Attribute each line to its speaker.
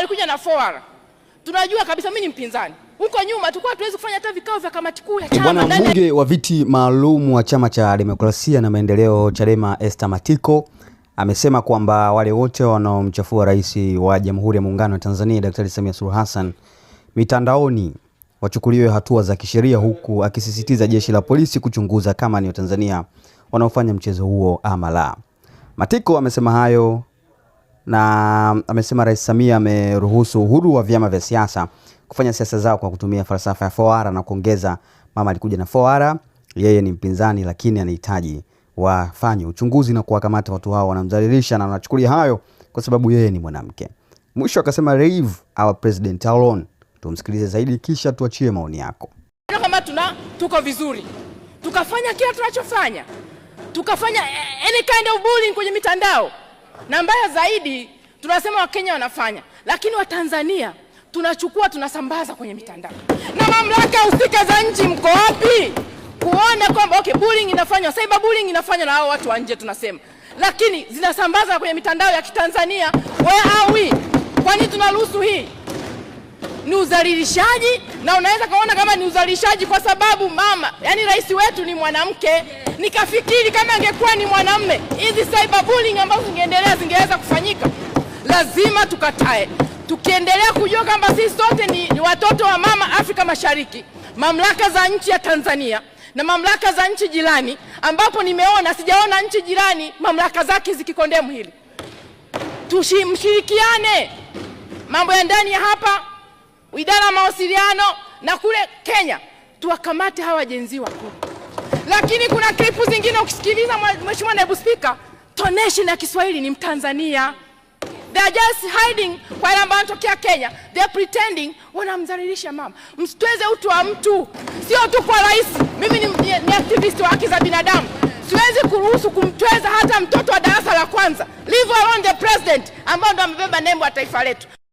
Speaker 1: alikuja na 4R. Tunajua kabisa mimi ni mpinzani. Huko nyuma tulikuwa tuwezi kufanya hata vikao vya kamati kuu ya
Speaker 2: chama. Bwana mbunge wa viti maalum wa chama cha demokrasia na maendeleo Chadema, Esther Matiko amesema kwamba wale wote wanaomchafua rais wa Jamhuri ya Muungano wa Tanzania Daktari Samia Suluhu Hassan mitandaoni wachukuliwe hatua za kisheria, huku akisisitiza jeshi la polisi kuchunguza kama ni Watanzania wanaofanya mchezo huo ama la. Matiko amesema hayo na amesema Rais Samia ameruhusu uhuru wa vyama vya siasa kufanya siasa zao kwa kutumia falsafa ya 4R na kuongeza, mama alikuja na 4R, yeye ni mpinzani lakini anahitaji wafanye uchunguzi na kuwakamata watu hao wanamdhalilisha na wanachukulia hayo kwa sababu yeye ni mwanamke. Mwisho akasema leave our president alone. Tumsikilize zaidi kisha tuachie maoni yako.
Speaker 1: Kama tuna tuko vizuri, tukafanya kila tunachofanya, tukafanya eh, any kind of bullying kwenye mitandao na mbaya zaidi tunasema Wakenya wanafanya, lakini Watanzania tunachukua tunasambaza kwenye mitandao. Na mamlaka husika za nchi, mko wapi kuona kwamba okay, bullying inafanywa, cyber bullying inafanywa na hao watu wa nje tunasema, lakini zinasambaza kwenye mitandao ya Kitanzania. Where are we? Kwani tunaruhusu hii? ni udhalilishaji, na unaweza kaona kama ni udhalilishaji kwa sababu mama, yani rais wetu ni mwanamke. Nikafikiri kama angekuwa ni mwanamme, hizi bullying ambazo zingeendelea zingeweza kufanyika. Lazima tukatae, tukiendelea kujua kwamba sisi sote ni, ni watoto wa mama Afrika Mashariki. Mamlaka za nchi ya Tanzania na mamlaka za nchi jirani, ambapo nimeona sijaona nchi jirani mamlaka zake zikikondemu hili, tushimshirikiane mambo ya ndani ya hapa idara ya mawasiliano na kule Kenya tuwakamate hawa wajenzi wakuu. Lakini kuna klipu zingine ukisikiliza, Mheshimiwa Naibu Spika, tonation ya Kiswahili ni Mtanzania. They are just hiding kwa ile ambayo yanatokea Kenya, they are pretending, wanamdhalilisha mama. Msitweze utu wa mtu, sio tu kwa rais. Mimi ni, ni, ni activist wa haki za binadamu, siwezi kuruhusu kumtweza hata mtoto wa darasa la kwanza. Leave alone the president ambao ndo amebeba nembo ya taifa letu.